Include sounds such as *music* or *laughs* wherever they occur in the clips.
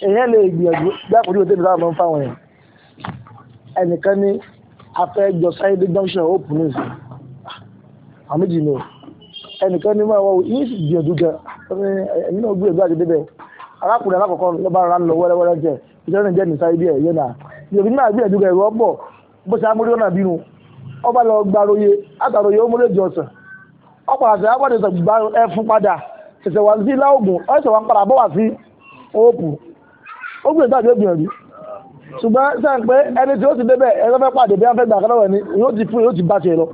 èèyàn lè gbìyànjú dákòjú òtẹ́bi táwọn máa ń fáwọn yẹn ẹnìkan ní afẹ́jọ junction ni o ẹnìkan ní máa wọ yìí sì gbìyànjú ẹni náà gbìyànjú àti arákùnrin alákọ̀ọ́kọ́ wẹ́rẹ́wẹ́rẹ́ jẹ ẹ̀ yẹn náà náà gbìyànjú ẹ̀rọ bọ̀ bó ṣe amúrí ọ̀nà bínú ọba lọ àti ẹ̀fún padà wà sí láògùn ọ̀ṣẹ̀ wà ń ó gbìyànjú tàbí ó gbìyànjú ṣùgbọ́n sẹ́yìn pé ẹni tí ó ti débẹ̀ ẹ̀rọ fẹ́ pàdé bí wọ́n fẹ́ gbà kọ́ lọ́wọ́ ni yóò ti fún yóò ti bá tiẹ̀ lọ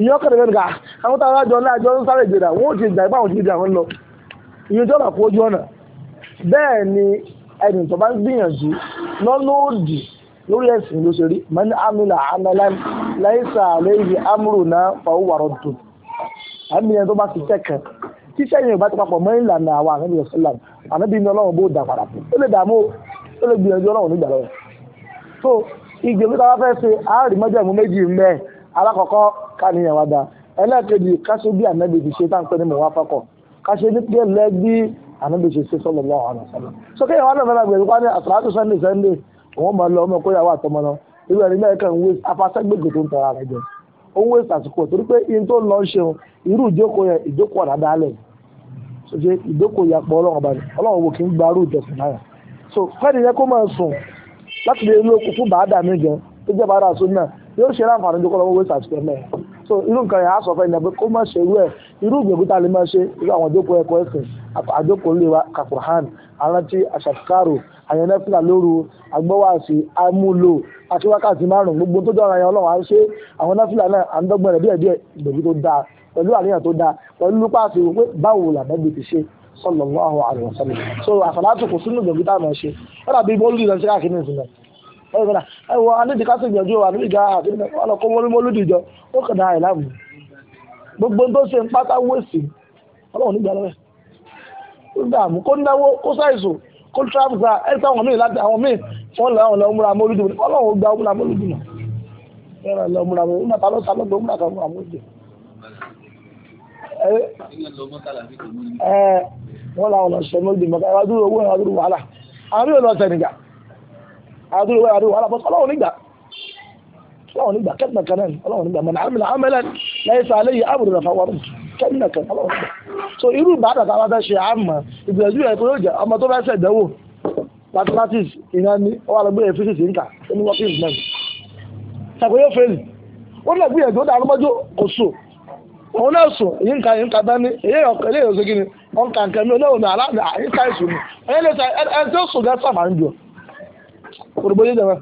ìyẹn ọkọ̀ tẹ̀lé nìkà àwọn táwọn àjọ ńlá àjọ ń sáré ìgbéra wọn ò ti gbà ipá àwọn ti di àwọn lọ ìyẹn tí ó bà kú ojú ọ̀nà bẹ́ẹ̀ ni ẹni tó bá ń gbìyànjú lọ́lọ́ọ̀dì lórí ẹ̀sìn ló ṣe rí mọ́ni amílà amẹ́lá láìsà lẹ́yìn amúrò náà fàwọ́wàrọ̀ tó àmì ẹni tó bá ti tẹ̀kàn tíṣẹ́ yẹn ò bá ti papọ̀ mọ́ ìlànà àwọn àmì ìsìlámù àmì bí ní ọlọ́run bó dà padà fún ó lè dààmú ó lè gbìyànjú ọlọ́run nígbà lọ́wọ́ so ìgbìyànjú táwa fẹ́ ṣe àárín mọ́jẹ̀mú méjì mẹ́ alákọ̀ọ́kọ́ káníyàn wa da ẹlẹ́ẹ̀kejì káṣe bí ànábì ti ṣe táǹpẹ́ ní mọ̀wá fọ́kọ̀ káṣe ní pé lẹ́gbí ànábì ṣe ṣe sọ́lọ́ lọ́wọ́ àwọn ọ̀sán so kéèyàn wá lọ́fẹ́ lágbèrè wá ní àtàlátù sunday sunday òun máa lọ ọmọ kóyàwó àtọmọ lọ irú ẹni náà kàn ń wé afásẹ́gbègbè tó ń tọ́ra rẹ̀ jẹ ó wé sàsìkò torí pé in tó lọ ṣeun irú ìjókòó yẹn ìjókòó ọ̀dà dálẹ̀ ṣe so kẹ́ni yẹn kó máa sùn láti lè rí okùn fún bàádà mi gan tó jẹ́ bàádà sún náà yóò ṣe láǹfààní tó kọ́ lọ́wọ́ wẹ́sà ti tẹ̀lé so irú nǹkan yẹn á sọ fẹ́ni pé kó má ṣe irú ẹ̀ irú ìgbèkú tá a lè máa ṣe irú àwọn àjókòó ẹ̀kọ́ ẹ̀sìn àjókòó lè wa kakurhan arántí àṣàkárò àyẹnẹ́fìlà lóru agbọ́wàsí amúlò àti wákàtí márùn-ún gbogbo tó jọra yẹn ọlọ́run à ń ṣe àwọn nẹ́fìlà náà à ń dọ́gbọ́n rẹ̀ díẹ̀díẹ̀ ìgbèkú tó dáa pẹ̀lú àníyàn tó dáa pẹ̀lú pàṣẹ wípé báwo làbẹ́bí ti ṣe sallallahu alaihi wasallam so àsàlátù kò sínú gbẹ̀gbẹ̀ táwọn ṣe ó dàbí mọ́lúdì náà ṣe káàkiri nìyẹn ó yẹ kọ́nà ẹ wọ anídì kásì gbẹ̀jú wa ni ga àti níbi wọn lọ kó mọ́lúdì jọ ó kàn dáa ìlàmù gbogbo tó ṣe ń pátá wẹ̀sì ọlọ́run nígbà lọ́wẹ́ ó dààmú kó náwó kó sáìsù kó tíráfìsà ẹ táwọn míì láti àwọn míì wọn lọ àwọn ọmúra mọ́lúdì ọlọ́run gba ọmúra mọ́lúdì náà ẹ lọ ọmúra mọ́lúdì wọ́n làwọn lọ ṣe mọ́lẹ́dì mọ́ká àwọn adúrò owó àwọn adúrò wàhálà àwọn adúrò lọ sẹ̀ nìgbà adúrò owó adúrò wàhálà bọ́sọ̀ ọlọ́run nígbà ọlọ́run nígbà kẹ́tìmọ̀ kan náà ọlọ́run nígbà mọ̀nà àmì àmẹ́lẹ̀ lẹ́yìn sàlẹ̀ yìí àbùrù rẹ̀ fáwọn kẹ́tìmọ̀ kan ọlọ́run nígbà so irú ìbáàdà tá a bá fẹ́ ṣe àmọ́ ìgbìyànjú rẹ̀ tó yóò jẹ́ ọmọ tó fẹ́ ṣe ìdánwò mathematics ìran ni ọwọ́ àlọ́ gbéyẹ̀ physics nǹka ó ní working men ṣàkóso yóò fẹ́ẹ̀lì ó lè gbìyànjú ó dà lọ́mọdé kò sùn òun náà sùn èyí nǹka èyí nǹka dání èyí ọ̀kẹ́ wọn kà nkà mi olóòwò náà aláàbẹ̀ àyíká ìṣù mi ẹ̀yẹ́ lè ta ẹni tó sùn gẹ́sà máa ń jọ òrùbó yé dẹ̀wẹ̀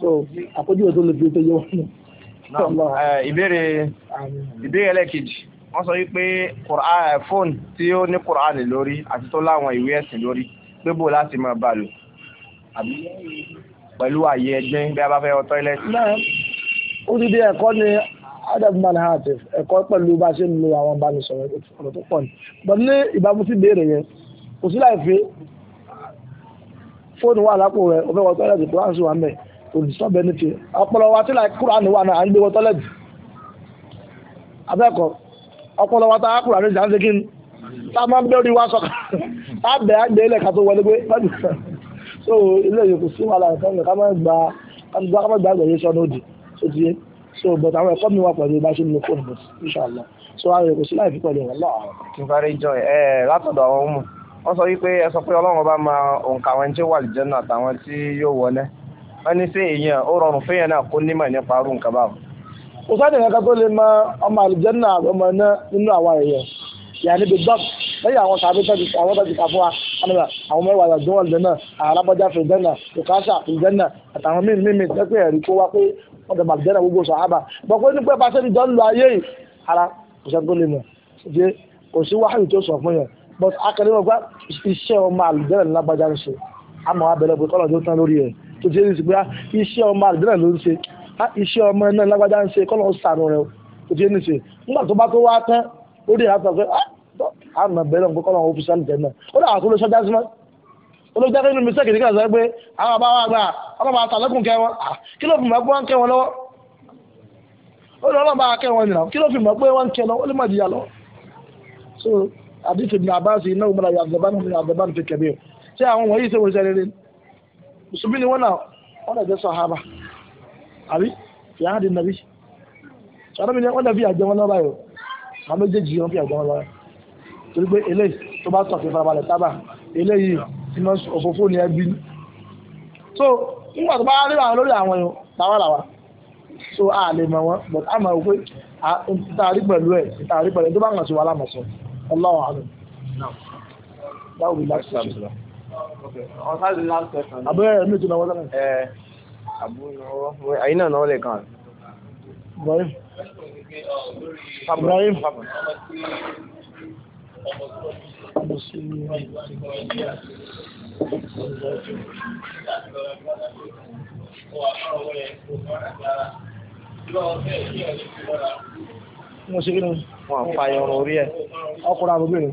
so àpèjú ètò lè fi ètò yé wọn. ìbéèrè ìbéèrè ẹlẹ́kejì wọ́n sọ wípé fóònù eh, tí ó ní Qur'an lórí àti tó láwọn ìwé ẹ̀sìn lórí pé bó láti máa bá lò pẹ̀lú àyè ẹgbẹ́ bí a bá fẹ́ wọ tọ́ílẹ̀tì. náà ó ti di ẹ̀kọ́ ni adab man hatif ẹ̀kọ́ pẹ̀lú bá a ṣe ń lo àwọn ìbánisọ̀rọ̀ ọ̀rọ̀ tó pọ̀ ni bọ̀ ní ìbámu sí ìbéèrè yẹn kò sí láì fi fóònù wà lápò rẹ̀ ọ̀fẹ́ wọ tọ́lẹ̀tì kúrán sí wa mẹ́ kò ní sọ́bẹ̀ ní tiẹ̀ ọpọlọ wa tí láì kúrán wà náà à ń gbé wọ tọ́lẹ̀tì abẹ́ẹ̀kọ́ ọpọlọ wa tá a kúrán ní ìjànsẹ́ kí ni tá a máa ń bẹ́ orí wa sọ̀kà tá a á gbé ilẹ̀ ká tó wọlé gbé *laughs* so ilé yòókù sí wàhálà ìfẹ́ mi ká má gba ká má gba àgbẹ̀yẹ sọ́nù òdì ó ti yé so but àwọn ẹ̀kọ́ mi wà pẹ̀lú bá ṣe ń lo phone but inshallah so àwọn èrò kò sí láì fi pẹ̀lú ìwọ̀n náà. kí n fẹ́ rí jọ ẹ látọ̀dọ̀ àwọn ọmọ wọ́n sọ wípé ẹ sọ pé ọlọ́run bá máa òǹkà àwọn tí ó wà lìjẹ́ náà àtàwọn tí yóò wọlé wọ́n ní sí èèyàn ó rọrùn fún èèyàn náà kó nímọ̀ nípa arú nǹkan báwọn. kò sáà nìkan kan tó lè mọ ọmọ àlùjẹ́ náà ọmọ náà nínú àwọn èèyàn yà níbi dọ́k lẹ́yìn àwọn sàbí tọ́jú àwọn tọ́jú kà fún wa ànàbà àwọn mẹ́wàá àgbọ̀n ọ̀lẹ́ náà alábọ́jà fìdẹ́nà lukasa fìdẹ́nà àtàwọn míì míì tẹ́pẹ́ ẹ̀rí kó wá pé wọ́n dẹ̀ bàjẹ́ náà gbogbo sàhábà bọ̀pọ̀ ní pẹ́ pàṣẹ ìjọ ń lo ayé yìí ara kò sẹ́ni tó lè mọ̀ ṣe kò sí wáhàyù tó sọ fún yẹn but akẹ́lẹ́ wọn gba iṣẹ́ ọmọ àlùjẹ́rẹ̀ ńlá gbajá ń ṣe àmọ́ abẹ́rẹ́ bó kọ́lọ̀ tó tán lórí ẹ̀ tó ti rí sí pé ah, iṣẹ́ ọmọ àlùjẹ́rẹ̀ ló ń ṣe ah, iṣẹ́ ọmọ náà lágbájá ń ṣe kọ́lọ̀ ń sànù rẹ̀ tó ti rí sí nígbà tó bá tó wá tán ó rí àtọ̀ pé àmọ́ abẹ́rẹ́ bó kọ́lọ̀ ń fi sẹ́ni tẹ̀ náà olójáde nínú mísẹ́ kìdíkà sọ pé àwọn bàbá wa gbà ọlọ́ba àtàlẹ́kùn kẹ́ wọn ah, kí ló fi mọ̀ pé wọ́n ń kẹ́ wọn lọ́wọ́ ó ní ọlọ́ba akẹ́ wọn nìyàwó kí ló fi mọ̀ pé wọ́n ń kẹ́ lọ́wọ́ ó lè má jìyà lọ. so àdìsí ibn abbas iná umar ayé abdulban ibn abdulban fi kẹ̀mí o ṣé àwọn wọ̀nyí ṣe wọ́n ṣe rere mùsùlùmí ni wọ́n náà wọ́n náà iná òfófó ni ẹbí ní. so nígbà tó bá rí àwọn lórí àwọn èèyàn táwa làwà so a lè mọ wọn but a mọ̀ pé ìtàrí pẹ̀lú ẹ̀ ìtàrí pẹ̀lú ẹ̀ tó bá ń rántí wa lámọ̀sọ ọlọ́run àlọ́. that would be last question. abẹ́rẹ́ mi ò tún náwó lọ́nà. àyín náà náwó lè kàn. Ibrahim. Ibrahim. المسلمين mo ṣe kí ni wọn àfàyàn ọ̀rọ̀ orí ẹ ọkùnrin àbúgbé ni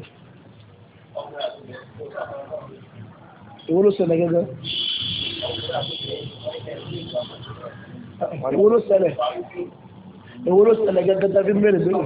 ìwọ ló ṣẹlẹ̀ gẹ́gẹ́ ìwọ ló ṣẹlẹ̀ ìwọ ló ṣẹlẹ̀ gẹ́gẹ́ tàbí mẹ́rin mẹ́rin.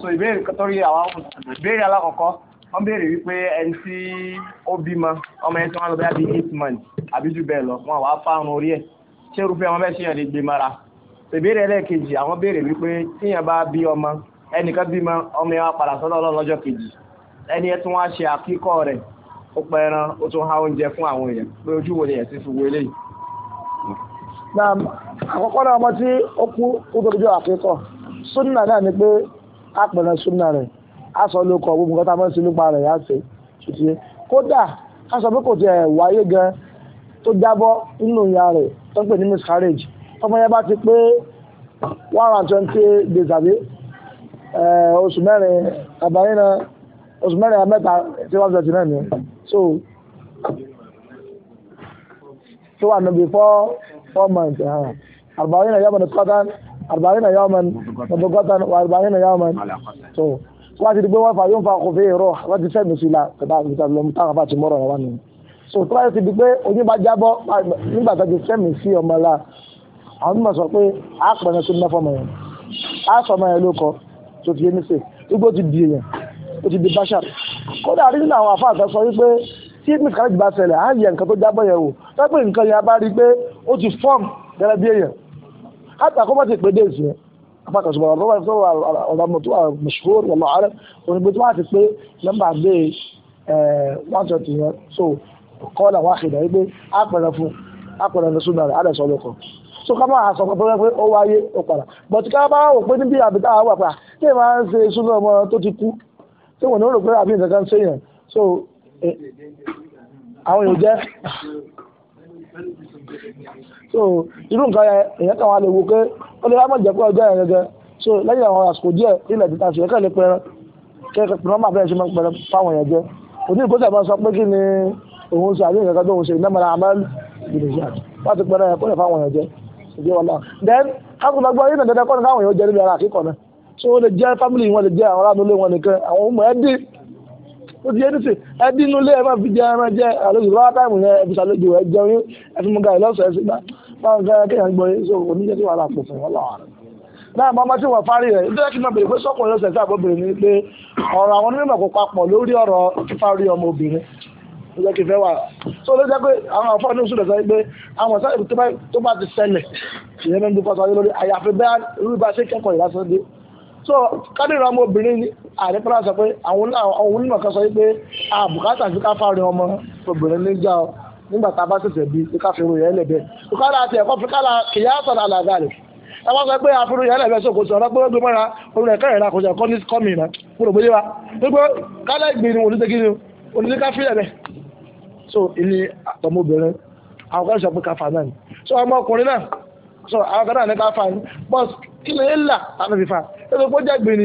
so ìbéèrè torí àwọn ìbéèrè alákọ̀ọ́kọ́ wọ́n béèrè wípé ẹni tí ó bímọ ọmọ ẹni tí wọ́n lọ bẹ́ẹ̀ bí eight months àbí jù bẹ́ẹ̀ lọ wọn wàá fárun orí ẹ̀ ṣé irúfẹ́ wọn bẹ́ẹ̀ ṣèyàn lè gbé mara ìbéèrè ẹlẹ́ẹ̀kejì àwọn béèrè wípé tíyàn bá bí ọmọ ẹnìkan bímọ ọmọ ẹ wá padà sọ́dọ̀ Ọlọ́run lọ́jọ́ kejì ẹni ẹ tún wá ṣe àkíkọ́ rẹ̀ ó pẹ́ ẹran ó tún há oúnjẹ fún àwọn èèyàn pé ojú wo lè yẹn ti fi wo eléyìí àkọ́kọ́ náà ọmọ tí ó kú kú àkíkọ̀ súnà náà ni pé a pẹ̀lẹ́ súnà rẹ̀ a sọ ló kọ̀ gbogbo nǹkan tá a máa ń ṣe nípa rẹ̀ yá ṣe ṣùtìyẹ kódà a sọ pé kò tiẹ̀ wáyé gan tó jábọ́ nínú ìyá rẹ̀ tó ń pè ní miscarriage ọmọ yẹn bá ti pé one and twenty days àbí eh, oṣù mẹ́rin àbáyín náà oṣù mẹ́rin àmẹ́ta tí wọ́n ti náà ni so tó wà ní before four months. Ah. 40 يوما نطقة 40 يوما مضغة و يوما so wọ́n ti di pé wọ́n fà yóò fa kò fẹ́ rọ wọ́n ti sẹ́nu sí la so tí wọ́n ti di pé oyún bá jábọ́ nígbà tó ti sẹ́nu sí ọmọ la àwọn mímọ̀ sọ pé a pẹ̀lú sí mẹ́fọ́ mọ̀ yẹn a sọ ọmọ yẹn ló kọ tó ti yé ní sè igbó ti di èèyàn ó ti di báṣà kódà nínú àwọn àfa sọ wípé tí miscarriage bá ṣẹlẹ̀ á yẹ nǹkan tó jábọ́ yẹn wò tẹ́pẹ́ nǹkan yẹn a bá rí pé ó ti form gẹ́gẹ́ bí èèyàn حتى أقوم في بديز أفكر سبحان الله هو الموضوع مشهور والله عارف والموضوع في الصيف لما بعد وانتوا سو قال واحد أيضا أقبل فوق أقبل رسول الله على سؤالكم so ká máa sọ pé pé ó wáyé ó padà bọ̀tí ká bá wò pé níbi àbíká wà pa tí màá ń ṣe súnú ọmọ tó ti kú tí wọn ò rò pé àbí nǹkan kan ṣe yàn so àwọn yóò jẹ́ so irú nǹkan yẹn èèyàn kan wà lè wo pé ó lè wá mọ̀ jẹ́ pé ọjọ́ yẹn gẹ́gẹ́ so lẹ́yìn àwọn àsìkò díẹ̀ ilẹ̀ títa sí ẹ̀kẹ́ lè pẹrẹ kẹ́kẹ́ pẹ̀lú ọmọ abẹ́rẹ́ sí máa pẹrẹ fáwọn yẹn jẹ́ òní ìkóṣà máa sọ pé kí ni òun ṣe àdéhùn kankan tó òun ṣe ìnámọ̀ra àmàlù gbèdéṣà láti pẹrẹ yẹn lè fáwọn yẹn jẹ́ ìdí so ó lè jẹ́ family wọn lè jẹ́ àwọn aráàlú wọn nìkan àwọn ọmọ ẹ̀ ó ti yé ní sè ẹ dínú lé ẹ máa fi jẹ ẹran jẹ àlejò lọ́wọ́ táìmù yẹn ẹbí sàlejò ẹ jẹun yín ẹ fi mú ga ìlọ́sọ̀ ẹ sí gbá báwọn fẹ́ kéèyàn gbọ́ yín so oníjẹ́ tí wàhálà pọ̀ fún wọn lọ́wọ́ rẹ̀. náà màmá tí wọ́n fárí rẹ̀ nítorí kí n máa bèrè pé sọ́kùnrin lọ́sẹ̀ sí àbọ̀bìnrin ni pé ọ̀rọ̀ àwọn onímọ̀ kò papọ̀ lórí ọ̀rọ̀ fífárí ọmọ obìnrin ló jẹ́ kí n fẹ́ wà. so ló jẹ́ pé àwọn àfọ́ ní oṣù lọ sọ pé àwọn sáyẹ̀ tó bá ti ṣẹlẹ̀ ìyẹn ló ń dúpọ̀ sọ lórí àyàfi bẹ́ẹ̀ rúbà ṣe kẹ́kọ̀ọ́ ìlàsọ́dé so kádìrà ọmọ obìnrin ni ààrẹ pẹ́lá sọ pé àwọn onímọ̀ kan sọ pé àbùkátà sí ká fáre ọmọ obìnrin níjà ọ nígbà tá a bá ṣẹ̀ṣẹ̀ bí i ká fi ròyìn ẹlẹ́bẹ̀ ìkọ́lá àti ẹ̀kọ́ fi kálá kìyà sọ̀rọ̀ àlàgà rẹ̀ ẹ wọ́n sọ pé àfihàn ẹlẹ́bẹ̀ sọ̀kò sọ̀rọ̀ pé ó gbé mọ́ra orin ẹ̀kọ́ ìrìnà kò sọ̀kọ́ ní kọ́mì rẹ̀ kúrò bóyá wa gbogbo kálá ìgbìnrin oníṣègì ni oníṣègì ká fílẹ̀ bẹ̀ so ilé àtọmọbìnrin àwọn kan sọ pé káfà náà ni so ọmọkùnrin náà so àwọn kan náà ní káfà ni bọ́ọ̀sì kílẹ̀ ẹ̀ là ànábì fa ẹ pé ó jẹ́ gbìn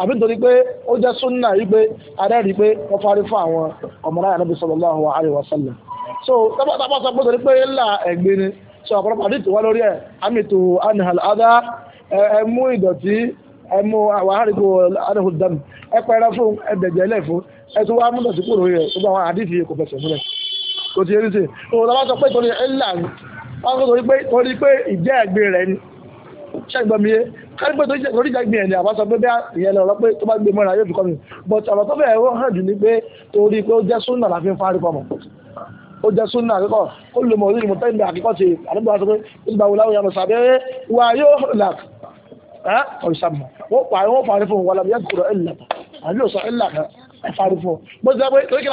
àbí nítorí pé ó jẹ́ súnà yìí pé adẹ́rìí pé wọ́n fárí fún àwọn ọmọdé ànábì sallallahu alaihi wasallam so tábàtàbà sọ pé torí pé ẹ̀ là ẹ̀gbìn ni so ọ̀pọ̀lọpọ̀ àdìtò wá lórí ẹ̀ amètò anihal adá ẹ mú ìdọ̀tí ẹ mú wàhálìkò anihal dam ẹ pẹ́ẹ́rẹ́ fún ẹ dẹ̀jẹ̀ lẹ̀ fún ẹ tó wá mú ìdọ̀tí kúrò rẹ̀ gbogbo àwọn àdìtì kò fẹsẹ̀ múlẹ̀ kò ti erése òun tábà sọ pé torí ẹ̀ là wọ́n sọ torí pé ìjẹ́ ẹ̀gbìn rẹ̀ ni ṣẹ́gbọ́n mi yé kárí pé torí ìjà gbìyànjú ni àbá sọ pé bẹ́ẹ̀ ìyẹn lọ́rọ́ pé tó bá gbé mọ́ra yóò fi kọ́ mi but ọ̀rọ̀ tó bẹ̀rẹ̀ wọ́n hàn jù ni pé torí pé ó jẹ́ súnà la fi ń fárí pọ̀ mọ́ ó jẹ́ súnà àkọ́kọ́ ó lè mọ̀ orí ìmọ̀ tẹ́lẹ̀ àkọ́kọ́ ti àdúgbò wa sọ pé ó ti bá wùlá òyà mọ̀ sàbẹ́ wà yóò là ọ̀sàmù wọ́n pa àwọn fàárí fún wọn làbíyá kúrò ẹ̀ lẹ́ta àbí òsàn ẹ̀ lẹ́ta ẹ̀ fàárí fún wọn bó ti sọ pé torí kí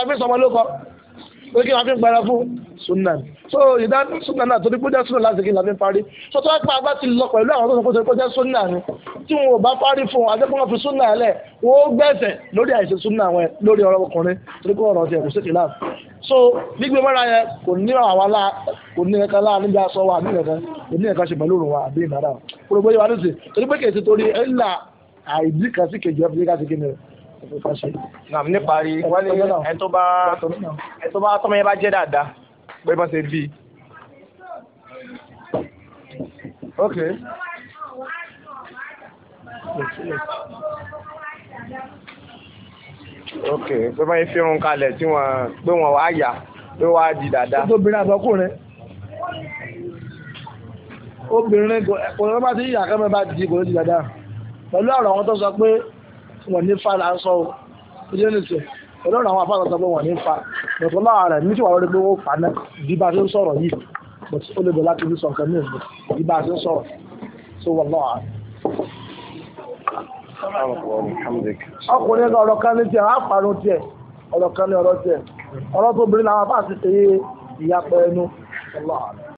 pé kí wọn fi ń gbára fún sunna so ìdá sunna náà torí pé ó jẹ́ sunna láti kí n láti parí so tó wá pé agbá ti lọ pẹ̀lú àwọn tó sọ pé torí pé ó jẹ́ sunna ni tí wọn ò bá parí fún wọn àtẹ́kùn wọn fi sunna lẹ̀ wọ́n ó gbẹ̀sẹ̀ lórí àìṣe sunna wọn lórí ọ̀rọ̀ ọkùnrin torí pé ọ̀rọ̀ tiẹ̀ kò sí kìlá so gbígbé mọ́ra yẹn kò ní àwọn alá kò ní ẹ̀ka láà níbi aṣọ wa àbí ẹ̀ka kò ní ẹ̀ka ṣe pẹ̀lú òrùn wa àbí ìbára wa kúrò bóyá wa ní sè torí pé kèsì torí ẹ̀ ń là àìdí kan sí kejì ẹ̀ fi ní ká ṣe kí ni rẹ̀ nàm níparí wọ́n ní ẹ tó bá ẹ tó bá tọ́mọ yẹn bá jẹ́ dáadáa pé bọ́n ṣe bí. ok. ok pé bọ́n yẹn fi irun kalẹ̀ tí wọ́n pé wọ́n wá yà pé wọ́n á di dáadáa. obìnrin àbọ̀kùnrin obìnrin kò ní bá ti yà kẹ́mẹ́ bá di kò ní di dáadáa pẹ̀lú ọ̀rọ̀ àwọn tó sọ pé wọ́n ní fa là sọ ilé nìṣẹ́ ọlọ́run àwọn afáàlọ́ sọ pé wọ́n ní fa bọ̀tọ̀ láà rẹ̀ ní tíwà lórí pé ó pa náà bí bá ṣe ń sọ̀rọ̀ yìí bọ̀tọ̀ ó lè bọ̀ láti fi sọ nǹkan mìíràn bí bá ṣe ń sọ̀rọ̀ tó wọ́n náà ọkùnrin náà ọ̀rọ̀ kan ní tiẹ̀ á parun tiẹ̀ ọ̀rọ̀ kan ní ọ̀rọ̀ tiẹ̀ ọ̀rọ̀ tó